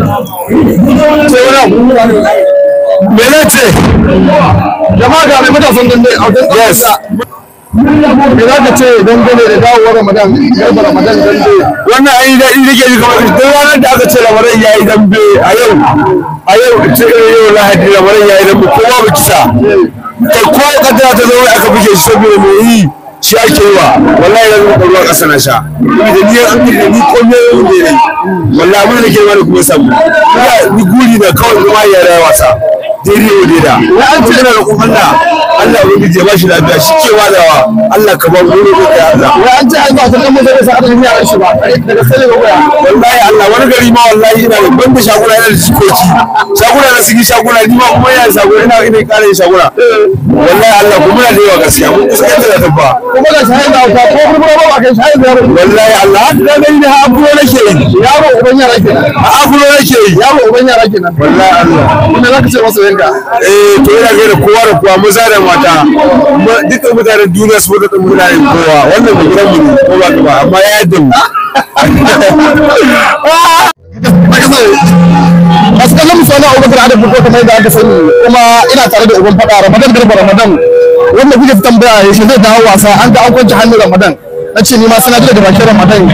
mene jama'a ga mai matasan dambe a yes me za ka ce da dawowar ramadan yau ramadan wannan ke ji kamar duk ranar da aka ce ramadan ya yi dambe a yau a yau cikin yau lahadi ramadan ya yi dambe kowa ba kisa kai kowa kadara ta zama aka buge shi saboda me yi shi ake yi wa wallahi yanzu muka ruwa ƙasa na sha da ni an kiri da ni komai yau ne ne wallahi mun da girma da kuma samu ni guri da kawai kuma ya rayuwa sa daidai wa da, na an tuna da kuma da Allah ya rubuce ba shi lafiya shi ke wadawa Allah ka ba mu rubuce da Allah wai an ji Allah ta kamar da sa'a da ya shi ba daga sai ga waya wallahi Allah wani gari ma wallahi ina da banda shaguna ina da shikoci shaguna na sigi shaguna ni ma kuma ina shaguna ina ina kare shaguna eh. wallahi Allah kuma da yawa gaskiya mun kusa da tabba kuma ga sai da ko kuma kai shayi wallahi Allah haka da gani da yi yaro a afro nake yi yaro wallahi Allah kuma zaka ce masa yanka eh to yana kowa da kowa maza da mata mutanen duniya su fada mutanen kowa wannan mu gidan mu ko ba ba amma ya mu Adam kamar aka sani kuma ina tare da uban Ramadan garba Ramadan wanda kuke tambaya ya shi zai dawo wasa an ga an kwanci hannun Ramadan na ce ni ma sana da bakin ramadan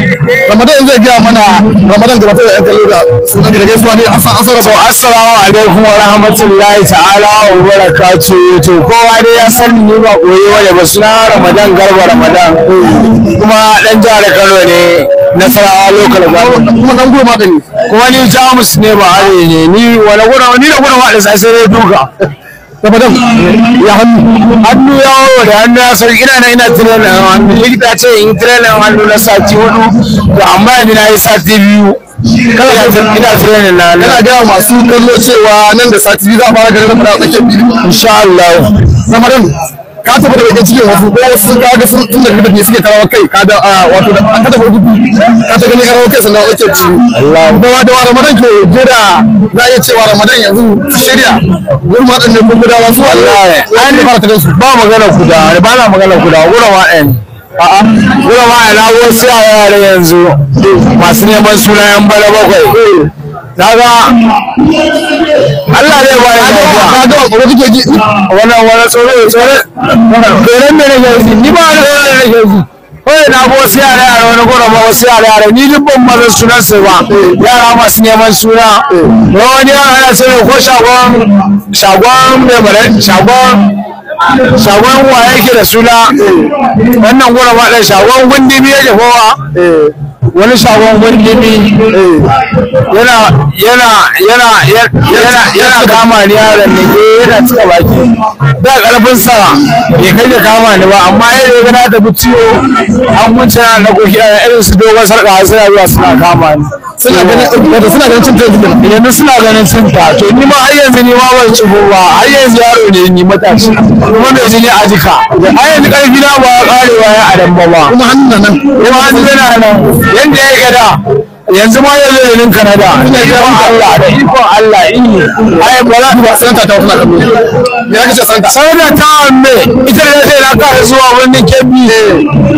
ramadan zai gaya mana ramadan da bakin yan kallo da sunan da gaisuwa ne asan asara to assalamu alaikum wa rahmatullahi ta'ala wa barakatuh to kowa dai ya san ni ba koyi wani ba suna ramadan garba ramadan kuma dan jihar kano ne nasarawa lokal ba. kuma dan goma ne kuma ni jamus ne ba are ne ni wani wani da gura wa da sai duka madam ya hannu hannu ya wawa da hannu ya sauki ina na ina tirenin hannu ce in hannu na sati hudu to amma yanzu na yi sati biyu kana ina tirenin na hannu kana gaya masu kallo cewa nan da sati biyu za a fara ganin na fara insha Allah ka tafi da bakin cikin wasu ko sun ka ga sun tun da ne suke karawa kai ka da ah, wato da ka tafi gudu ka ta gani karawa kai sannan ake ci Allah da da Ramadan ke jira za ce wa Ramadan yanzu shirya gurin ma dan ne kun gudawa su Allah an ta su ba magana guda ba na magana guda gurin ma ɗan a'a gurin ma ɗan na wasu yara yanzu masu neman suna yan bala bakwai daga Allah zai bayar da ruwa ka ga ko kike ji wannan wannan tsore tsore beren mene ne shi ni ba da wannan ne shi Kawai na ga wasu yara yara wani gora ba wasu yara yara ni duk ban maza sunan sai ba yara masu neman suna na wani yara ya sai ko shagon shagon mai bare shagon shagon wa yake da suna wannan gora ba dan shagon gundi biye da kowa wani shagon gundumi yana yana yana yana yana kama ni yaron ne eh, yana cika baki da karfin sa bai kai da kama ni ba amma yadda ya gana da ciwo an wuce na koki irin su dogon sarka suna zuwa suna kama ni suna ganin suna ganin cin yanzu suna ganin cin ta to ni ma har yanzu ni ma ban ci ba har yanzu yaro ne ni matashi kuma mai jini a jika har yanzu karfi na ba karewa ya adam ba ba kuma hannu nan kuma hannu yana nan yanda ya gada yanzu ma yanzu ne ninka na da ina jiran Allah da. Allah ai ba za ka santa ta kuma kabu me ka ce santa santa ta me ita da ta raka zuwa wani kebi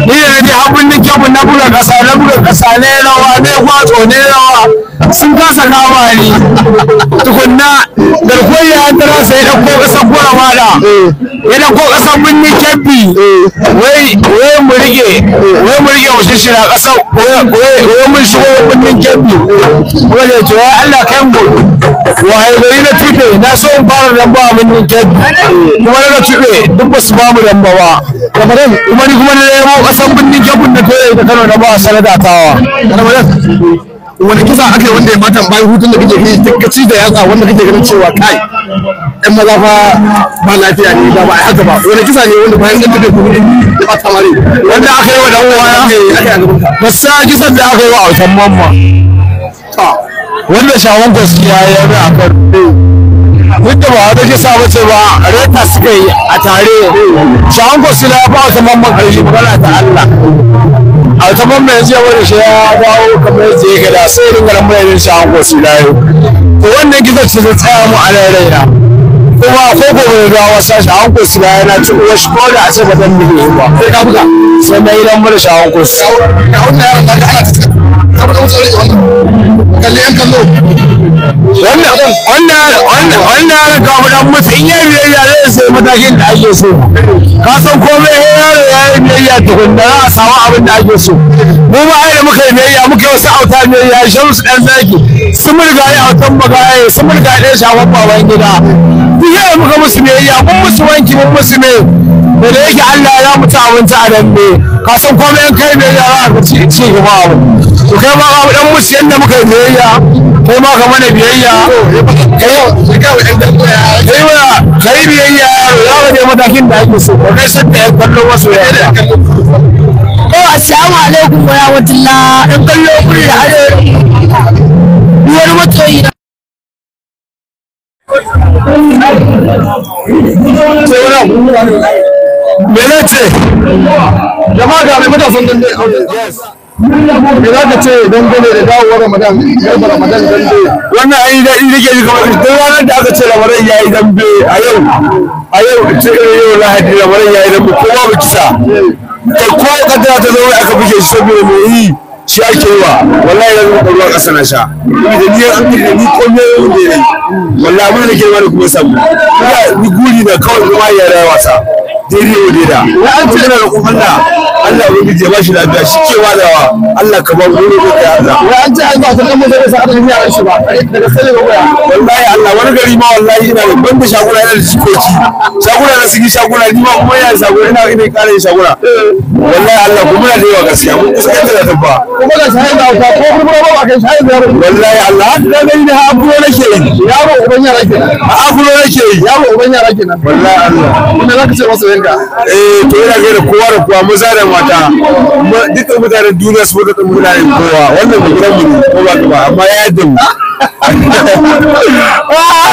ni ne ne habun ni kebi na buga kasa na buga kasa ne rawa ne kwato ne rawa sun kasa kama ni tukunna garkuwar ya tara sai da ko kasa gora mala ya da ko kasa mun ni kebi wai wai mu rike wai mu rike wasu shira kasa wai wai mun shigo mun ni kebi wai ya ce Allah kai mu waye gari na tuɓe na so in fara lamba a mun ninke kuma na tuɓe duk ba su ba mu lamba ba kamarin kuma ni kuma na nemo kasan birnin kebun na toye da kano na ba a sanada tawa wani kisa aka yi wanda ya mata bayan hutun da kake yi kaci da yatsa wanda kake ganin cewa kai ɗan maza fa ba lafiya ne da ba a haka ba wani kisa ne wanda bayan da kake kuma da ba tamari wanda aka yi wa dan uwa ya a gaban ka sa kisan da aka yi wa autan mamma wannan shawon gaskiya ya yi a kan wadda ba wata kisa ba ce ba reta suka yi a tare shawon gaskiya ya ba wata mamman ƙarshe magana ta Allah a wata mamman yanzu ya wani shi ya dawo kamar yadda ya gada sai ringa nan mai yin shawon gaskiya yi. ko wannan gizo ce ta tsaya mu a raina kuma ko gobe da dawo wasa shawon gaskiya ya na cikin wasu ko da a ce ba zan yi ba sai ka buga sai mai yi dan mara shawon gaskiya. ya kalli yan kallo wannan wannan wannan wannan ka faɗa musu in yi biyayya zai sai matakin da ake so ka san komai ya yaro ya yi biyayya tukunna za a samu abin da ake so mu ma ai da muka yi biyayya muka yi wasu auta biyayya shamsu ɗan zaki sun riga ya autan yi, sun riga ya shafan baban gida duk yawan muka musu biyayya mun musu wanki mun musu me da yake Allah ya mutu abinci a dambe ka san komai yan kai biyayya yara a ci ci gaba abu to kai ma abu dan musu yanda muka yi biyayya kai ma ka mana biyayya kai ma kai biyayya za ka je matakin da ake so kai sun da yan kallo wasu yaya assalamu alaikum wa rahmatullah dan kallo kun da arewa wani matoyi na Thank you. me na ce jama'a ga mai matasan dambe me za ka ce dangane da dawowar ramadan yarba ramadan dambe wannan an yi daɗi da ke ji kamar duk ranar da aka ce ramadan ya yi dambe a yau a yau ce yau lahadi ramadan ya yi dambe kowa ba kisa kai ko kadara ta zaune aka buge shi saboda me yi shi ake yi wa wallahi yanzu da ruwan ƙasa na sha kuma da niyyar an da ni ko ne yau ne wallahi mun da girma da kuma samu ni guri da kawai kuma ya rayuwa wasa daidai wa da, an ce da da Allah ya bige ba shi lafiya shi ke wadawa Allah ka ba gure da ya Allah wai an ce an ba kuma mun da sa'a ne a shi ba daga sai ga waya wallahi Allah wani gari ma wallahi ina da banda shagura ina da shikoci shagura na sigi shagura ni ma kuma ina shagura ina ina kare shagura wallahi Allah kuma da yawa gaskiya mun kusa da ta ba kuma da sai da ka ko kuma ba ka sai da wallahi Allah da gari da afro ke yi ya ba uban ya rake na abu afro ke yi ya ba uban ya rake na wallahi Allah kuma zaka ce masa yanka eh to ina ga da kowa da kowa maza da kamata dukkan mutanen duniya su mutu mutanen kowa wannan mu gidan mu ne ko ba amma ya yadda mu